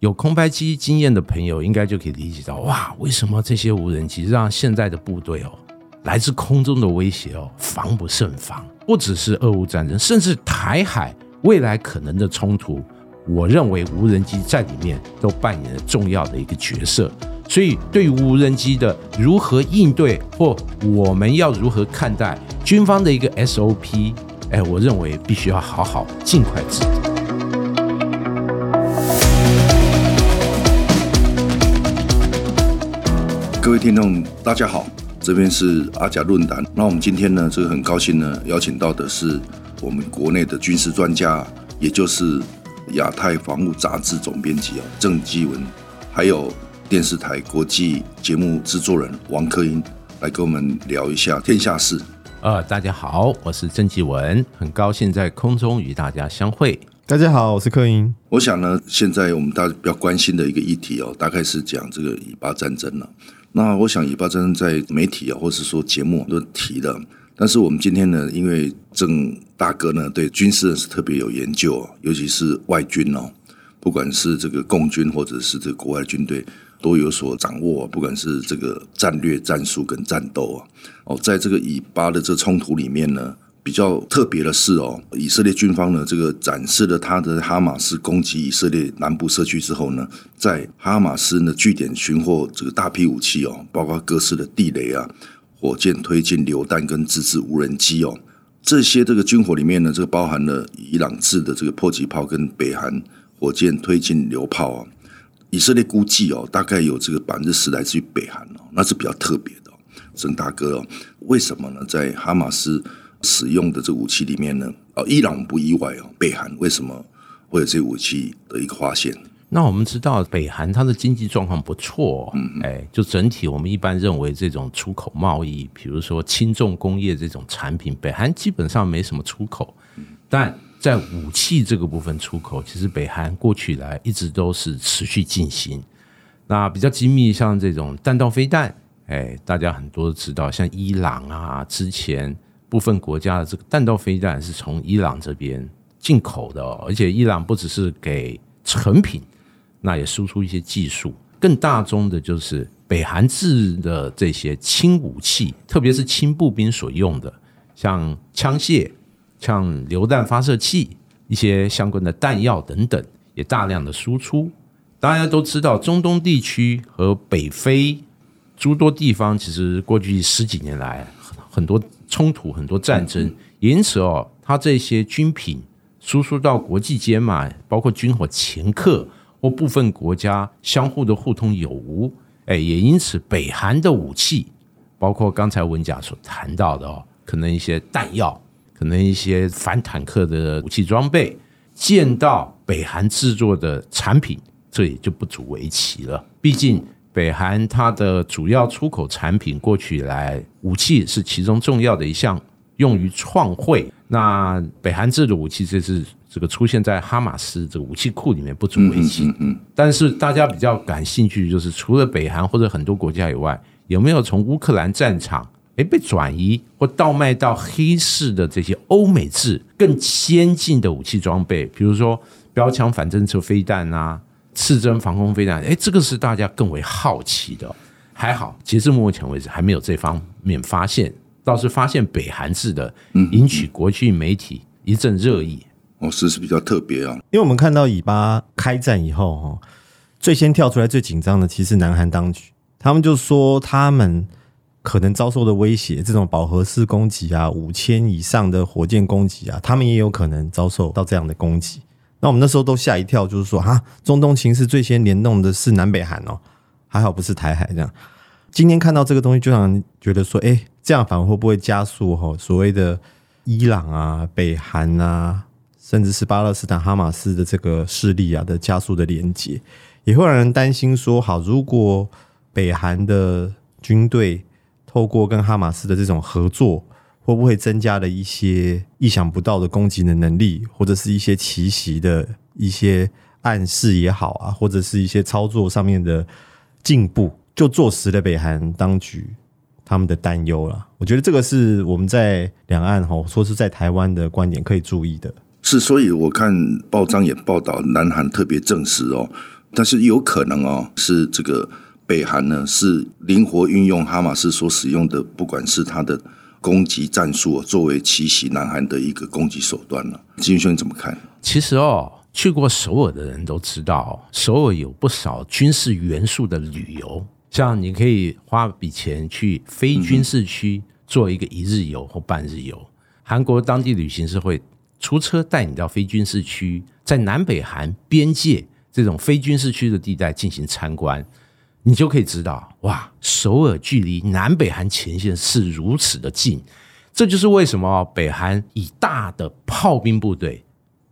有空拍機經驗的朋友，應該就可以理解到，哇，為什麼這些無人機讓現在的部隊哦，來自空中的威脅哦，防不勝防。不只是俄烏戰爭，甚至台海未來可能的衝突，我認為無人機在裡面都扮演了重要的一個角色。所以，對於無人機的如何應對，或我們要如何看待軍方的一個 SOP，哎，我認為必須要好好儘快制定。各位聽眾，大家好，這邊是阿甲論談。那我們今天呢，這個很高興呢，邀請到的是我們國內的軍事專家，也就是亞太防務雜誌總編輯啊鄭繼文，還有電視台國際節目制作人王克殷，來跟我們聊一下天下事。啊、哦，大家好，我是鄭繼文，很高興在空中與大家相會。大家好，我是克殷。我想呢，現在我們大家比較關心的一個議題哦，大概是講這個以巴戰爭了。那我想，以巴戰爭在媒體啊，或是說節目都提了。但是我們今天呢，因為鄭大哥呢，對軍事是特別有研究啊，尤其是外軍哦，不管是這個共軍，或者是這個國外軍隊，都有所掌握，不管是這個戰略、戰術跟戰鬥啊。哦，在這個以巴的這衝突裡面呢。比較特別的是哦，以色列軍方呢，這個展示了他的哈馬斯攻擊以色列南部社區之後呢，在哈馬斯的據點尋獲這個大批武器哦，包括各式的地雷啊、火箭推進榴彈跟自製無人機哦，這些這個軍火裡面呢，這個包含了伊朗製的這個迫擊炮跟北韓火箭推進榴炮啊、哦，以色列估計哦，大概有這個百分之十來自於北韓哦，那是比較特別的、哦。鄭大哥哦，為什麼呢？在哈馬斯使用的這武器裡面呢，哦，伊朗不意外哦，北韓為什麼會有這武器的一個發現？那我們知道，北韓它的經濟狀況不錯，嗯、哼哎，就整體我們一般認為這種出口貿易，比如說輕重工業這種產品，北韓基本上沒什麼出口。嗯、但在武器這個部分出口，其實北韓過去來一直都是持續進行。那比較精密，像這種彈道飛彈，哎，大家很多都知道，像伊朗啊，之前。部分國家的這個彈道飛彈是從伊朗這邊進口的哦，而且伊朗不只是給成品，那也輸出一些技術。更大宗的，就是北韓製的這些輕武器，特別是輕步兵所用的，像槍械、像榴彈發射器、一些相關的彈藥等等，也大量的輸出。大家都知道，中東地區和北非諸多地方，其實過去十幾年來，很多。衝突很多戰爭，因此哦，他這些軍品輸出到國際間嘛，包括軍火掮客或部分國家相互的互通有無，哎、欸，也因此北韓的武器，包括剛才文甲所談到的哦，可能一些彈藥，可能一些反坦克的武器裝備，見到北韓制作的產品，這也就不足為奇了，畢竟。北韓它的主要出口產品，過去以來武器是其中重要的一項，用於創匯。那北韓製的武器這次這個出現在哈馬斯這個武器庫裡面，不足為奇。但是大家比較感興趣就是，除了北韓或者很多國家以外，有沒有從烏克蘭戰場哎，被轉移或倒賣到黑市的這些歐美製更先進的武器裝備，比如說標槍反戰車飛彈啊、刺針防空飛彈，哎、欸，這個是大家更為好奇的，哦。還好，截至目前為止還沒有這方面發現，倒是發現北韓式的，引起，嗯嗯，國際媒體一陣熱議，嗯嗯。哦，是是比較特別啊？因為我們看到以巴開戰以後，哦，最先跳出來最緊張的，其實南韓當局，他們就說他們可能遭受的威脅，這種飽和式攻擊啊，五千以上的火箭攻擊啊，他們也有可能遭受到這樣的攻擊。那我們那時候都嚇一跳，就是說哈，中東情勢最先聯動的是南北韓哦，還好不是台海這樣。今天看到這個東西，就讓人覺得說，哎、欸，這樣反而會不會加速哈、哦、所謂的伊朗啊、北韓啊，甚至是巴勒斯坦哈馬斯的這個勢力啊的加速的連接，也會讓人擔心說，好，如果北韓的軍隊透過跟哈馬斯的這種合作。會不會增加了一些意想不到的攻擊的能力，或者是一些奇襲的一些暗示也好啊，或者是一些操作上面的進步，就坐實了北韓當局他們的擔憂了。我覺得這個是我們在兩岸吼、哦、說是在台灣的觀點可以注意的。是，所以我看報章也報道，南韓特別證實哦，但是有可能哦，是這個北韓呢是靈活運用哈馬斯所使用的，不管是他的。攻擊戰術作為奇襲南韓的一個攻擊手段了。金宇軒怎麼看？其實哦，去過首爾的人都知道，首爾有不少軍事元素的旅遊，像你可以花筆錢去非軍事區做一個一日遊或半日遊。嗯，韓國當地旅行社會出車帶你到非軍事區，在南北韓邊界這種非軍事區的地帶進行參觀。你就可以知道，哇，首爾距離南北韓前線是如此的近，這就是為什麼北韓以大的炮兵部隊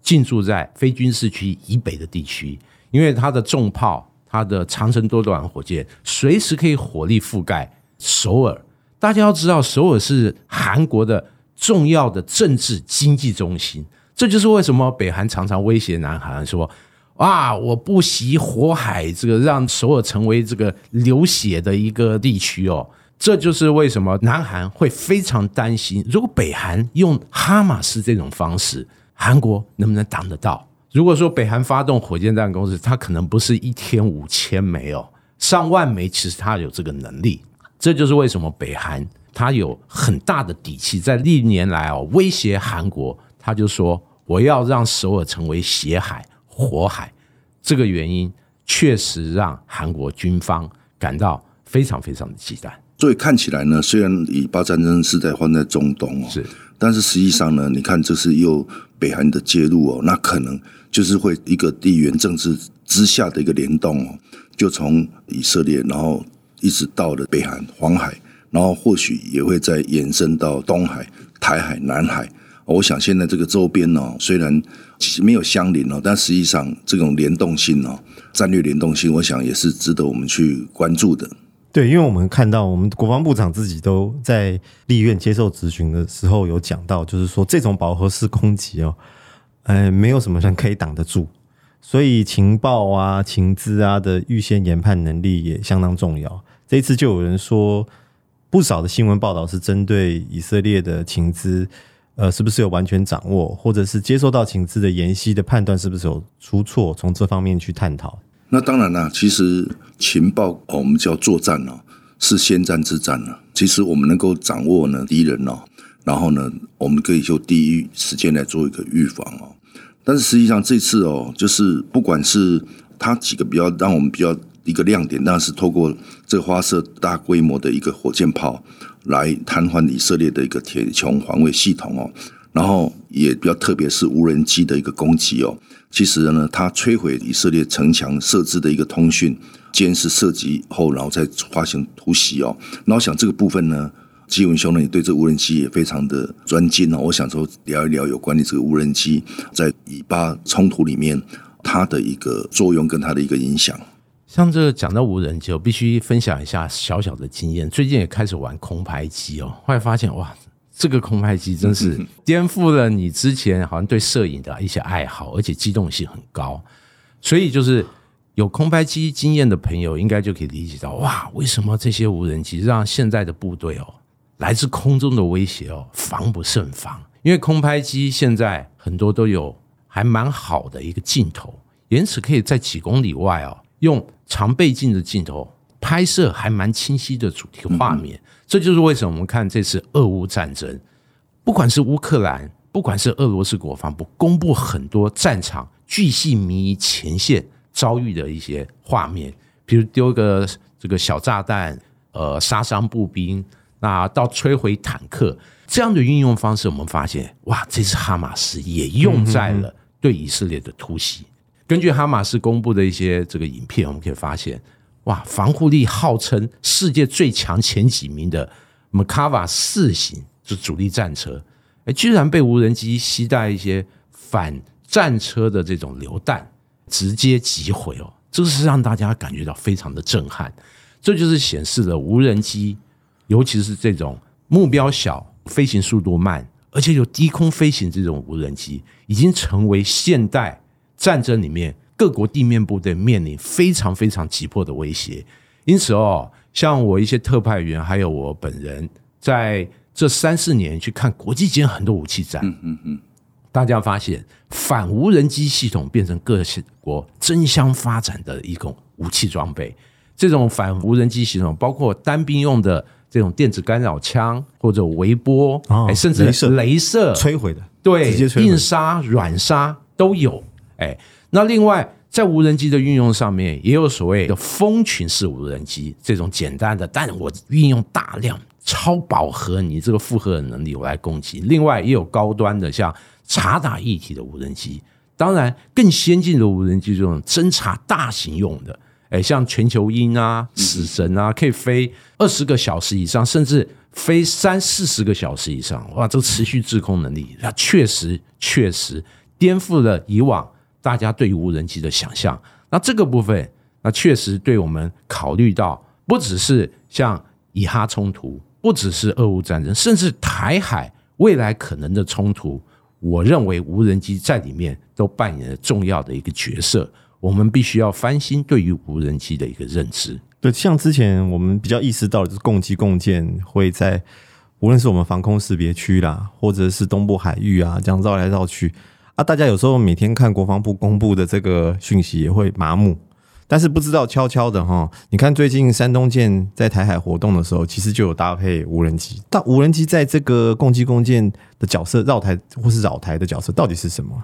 進駐在非軍事區以北的地區，因為它的重炮、它的長程多段火箭，隨時可以火力覆蓋首爾。大家要知道，首爾是韓國的重要的政治經濟中心，這就是為什麼北韓常常威脅南韓說。啊！我不惜火海，這個讓首爾成為這個流血的一個地區哦。這就是為什麼南韓會非常擔心，如果北韓用哈馬斯這種方式，韓國能不能擋得到？如果說北韓發動火箭彈攻勢，它可能不是一天五千枚哦，上萬枚，其實它有這個能力。這就是為什麼北韓它有很大的底氣，在歷年來哦威脅韓國，他就說我要讓首爾成為血海。火海，這個原因確實讓韓國軍方感到非常非常的忌憚。所以看起來呢，雖然以巴戰爭是在放在中東，是，但是實際上呢，你看這是又北韓的介入，那可能就是會一個地緣政治之下的一個聯動，就從以色列，然後一直到了北韓、黃海，然後或許也會再延伸到東海、台海、南海。我想現在這個周邊呢，雖然。沒有相鄰哦，但實際上這種聯動性哦，戰略聯動性，我想也是值得我們去關注的。對，因為我們看到，我們國防部長自己都在立院接受質詢的時候有講到，就是說這種飽和式空襲哦，呃，沒有什麼人可以擋得住，所以情報啊、情資啊的預先研判能力也相當重要。這一次就有人說，不少的新聞報道是針對以色列的情資。呃，是不是有完全掌握，或者是接受到情資的研析的判斷是不是有出錯？從這方面去探討。那當然啦，其實情報我們叫作戰、喔、是先戰之戰、啊、其實我們能夠掌握呢敵人、喔、然後呢，我們可以就第一時間來做一個預防、喔、但是實際上這次哦、喔，就是不管是他幾個比較讓我們比較。一個亮點，那是透過這個發射大規模的一個火箭炮來癱瘓以色列的一個鐵穹防衛系統哦，然後也比較特別是無人機的一個攻擊哦，其實呢，它摧毀以色列城牆設置的一個通訊、監視、射擊後，然後再發生突襲哦。那我想這個部分呢，繼文兄呢你對這無人機也非常的專精哦。我想說聊一聊有關於這個無人機在以巴衝突裡面它的一個作用跟它的一個影響。像這個講到無人機，我必須分享一下小小的經驗。最近也開始玩空拍機哦，後來發現哇，這個空拍機真是顛覆了你之前好像對攝影的一些愛好，而且機動性很高。所以，就是有空拍機經驗的朋友，應該就可以理解到哇，為什麼這些無人機讓現在的部隊哦，來自空中的威脅哦，防不勝防。因為空拍機現在很多都有還蠻好的一個鏡頭，延遲可以在幾公里外哦。用長倍鏡的鏡頭拍攝還蠻清晰的主題畫面，這就是為什麼我們看這次俄烏戰爭，不管是烏克蘭，不管是俄羅斯國防部公布很多戰場巨細靡遺前線遭遇的一些畫面，比如丟個這個小炸彈，呃，殺傷步兵，那到摧毀坦克這樣的運用方式，我們發現，哇，這次哈馬斯也用在了對以色列的突襲。根據哈馬斯公布的一些這個影片，我們可以發現，哇，防護力號稱世界最強前幾名的 Merkava 四型是主力戰車，欸、居然被無人機攜帶一些反戰車的這種榴彈直接擊毀哦，這個是讓大家感覺到非常的震撼。這就是顯示了無人機，尤其是這種目標小、飛行速度慢，而且有低空飛行這種無人機，已經成為現代。戰爭裡面，各國地面部隊面臨非常非常急迫的威脅，因此哦，像我一些特派員，還有我本人，在這三四年去看國際間很多武器展，嗯嗯嗯，大家發現反無人機系統變成各國爭相發展的一種武器裝備。這種反無人機系統包括單兵用的這種電子干擾槍，或者微波，哦，甚至鐳射，雷射摧毀的，對，硬殺、軟殺都有。哎，那另外在無人機的運用上面，也有所謂的蜂群式無人機這種簡單的，但我運用大量超飽和你這個負荷的能力，我來攻擊。另外也有高端的像察打一體的無人機，當然更先進的無人機這種偵察大型用的，哎，像全球鷹啊、死神啊，可以飛二十個小時以上，甚至飛三四十個小時以上。哇，這個持續滯空能力，那確實確實顛覆了以往。大家對於無人機的想象，那這個部分，那確實對我們考慮到不只是像以哈衝突，不只是俄烏戰爭，甚至台海未來可能的衝突，我認為無人機在裡面都扮演了重要的一個角色。我們必須要翻新對於無人機的一個認知。對，像之前我們比較意識到的是共機共艦會在無論是我們防空識別區啦，或者是東部海域啊，這樣繞來繞去。啊，大家有時候每天看國防部公布的這個訊息也會麻木，但是不知道悄悄的哈。你看最近山東艦在台海活動的時候，其實就有搭配無人機。但無人機在這個共機共艦的角色繞台或是繞台的角色到底是什麼？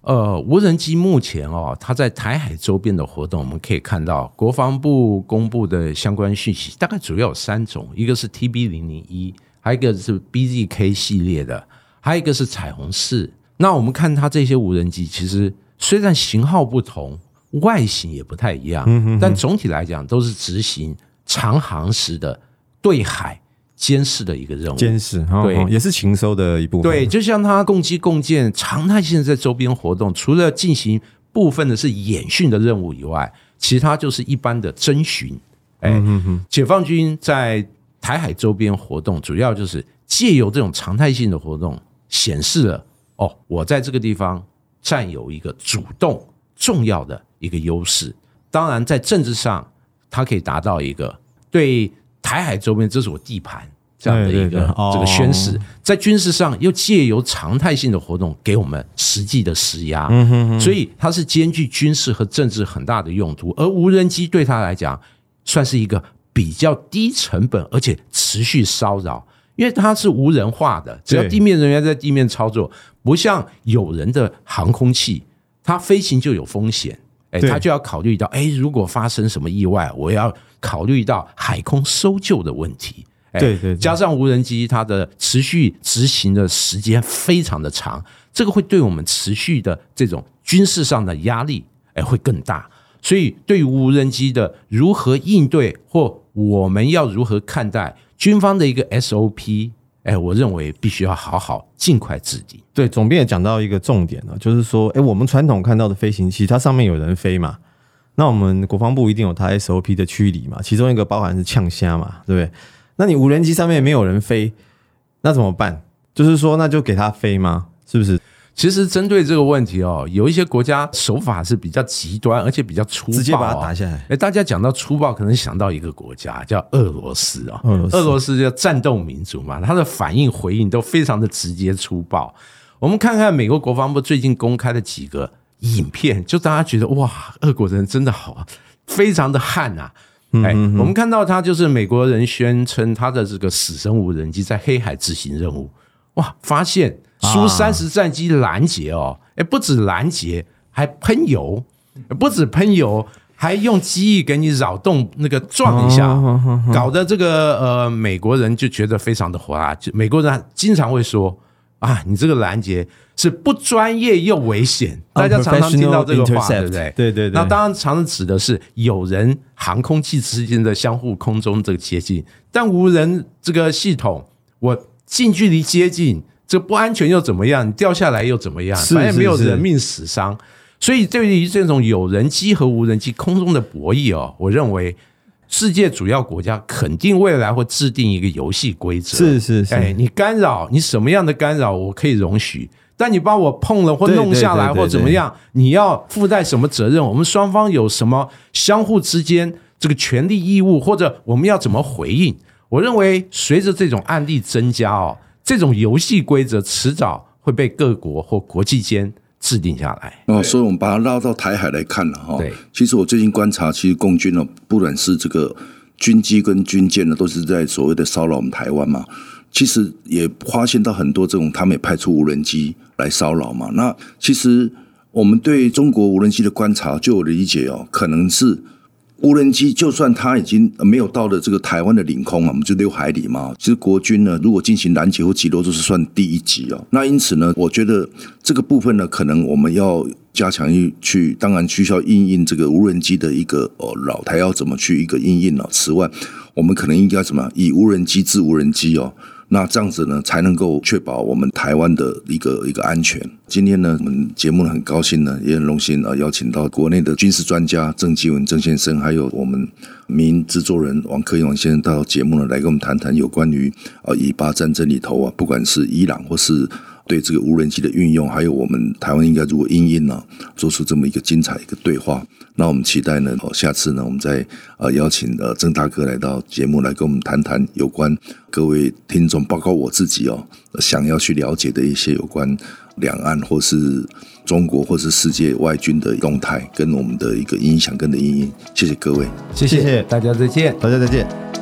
呃，無人機目前哦，它在台海周邊的活動，我們可以看到國防部公布的相關訊息，大概主要有三種：一個是 TB 零零一，還有一個是 BZK 系列的，還有一個是彩虹四。那我們看它這些無人機，其實雖然型號不同，外形也不太一樣，嗯、哼哼但總體來講都是執行長航時的對海監視的一個任務。監視對哦哦，也是情搜的一部分。對，就像它共機共艦常態性的在周邊活動，除了進行部分的是演訓的任務以外，其他就是一般的偵巡。哎、欸，嗯、哼哼解放軍在台海周邊活動，主要就是借由這種常態性的活動，顯示了。哦，我在這個地方占有一個主動重要的一個優勢。當然，在政治上，它可以達到一個對台海周邊這是我地盤這樣的一個這個宣示。對對對哦、在軍事上，又借由常態性的活動給我們實際的施壓。嗯、哼哼所以，它是兼具軍事和政治很大的用途。而無人機對他來講，算是一個比較低成本而且持續騷擾。因為它是無人化的，只要地面人員在地面操作，不像有人的航空器，它飛行就有風險。欸，它就要考慮到，欸，如果發生什麼意外，我要考慮到海空搜救的問題。欸，加上無人機，它的持續執行的時間非常的長，這個會對我們持續的這種軍事上的壓力，哎，會更大。所以，對於無人機的如何應對或我們要如何看待軍方的一個 SOP？哎、欸，我認為必須要好好儘快制定。對，總編也講到一個重點了，就是說，哎、欸，我們傳統看到的飛行器，它上面有人飛嘛，那我們國防部一定有它 SOP 的驅離嘛，其中一個包含是嗆蝦嘛，對不對？那你無人機上面沒有人飛，那怎麼辦？就是說，那就給它飛嗎？是不是？其實針對這個問題哦，有一些國家手法是比較極端，而且比較粗暴、啊、直接把他打下來誒、欸、大家講到粗暴，可能想到一個國家、啊、叫俄羅斯哦。俄羅斯叫戰鬥民族嘛，他的反應回應都非常的直接粗暴。我們看看美國國防部最近公開的幾個影片，就大家覺得哇，俄國人真的好，非常的悍啊！欸、嗯嗯嗯，我們看到他就是美國人宣稱他的這個死神無人機在黑海執行任務，哇，發現。蘇三十戰機攔截哦，啊欸、不止攔截，還噴油，不止噴油，還用機翼給你擾動那個撞一下，啊啊啊、搞得這個呃美國人就覺得非常的火大。就美國人經常會說啊，你這個攔截是不專業又危險。大家常常聽到這個話，Intercept, 對不對？對對對。那當然常常指的是有人航空器之間的相互空中這個接近，但無人這個系統，我近距離接近。這不安全又怎麼樣？你掉下來又怎麼樣？是是是反正沒有人命死傷，是是是所以對於這種有人機和無人機空中的博弈哦，我認為世界主要國家肯定未來會制定一個遊戲規則。是是是，哎，你干擾你什麼樣的干擾，我可以容許，但你把我碰了或弄下來或怎麼樣，你要負擔什麼責任？我們雙方有什麼相互之間這個權利義務，或者我們要怎麼回應？我認為隨着這種案例增加哦。這種遊戲規則遲早會被各國或國際間制定下來。哦，所以我們把它拉到台海來看了哈。對 其實我最近觀察，其實共軍呢，不管是這個軍機跟軍艦呢，都是在所謂的騷擾我們台灣嘛。其實也發現到很多這種，他們也派出無人機來騷擾嘛。那其實我們對中國無人機的觀察，據我理解哦，可能是。無人機就算它已經沒有到了這個台灣的領空嘛，我們就六海里嘛。其實國軍呢，如果進行攔截或擊落，就是算第一擊哦。那因此呢，我覺得這個部分呢，可能我們要加強去，當然需要因應這個無人機的一個呃擾台要怎麼去一個因應了、哦。此外，我們可能應該怎麼以無人機制無人機哦。那這樣子呢，才能夠確保我們台灣的一個一個安全。今天呢，我們節目呢很高興呢，也很榮幸啊，邀請到國內的軍事專家鄭繼文鄭先生，還有我們名制作人王克殷先生到節目呢來跟我們談談有關於啊以巴戰爭裡頭啊，不管是伊朗或是。對這個無人機的運用，還有我們台灣應該如何因應用、啊、呢？做出這麼一個精彩一個對話，那我們期待呢。哦，下次呢，我們再呃邀請呃鄭大哥來到節目來跟我們談談有關，各位聽眾，包括我自己哦，呃、想要去了解的一些有關兩岸或是中國或是世界外軍的動態跟我們的一個影響跟的因應。影。謝謝各位，謝謝大家，再見，大家再見。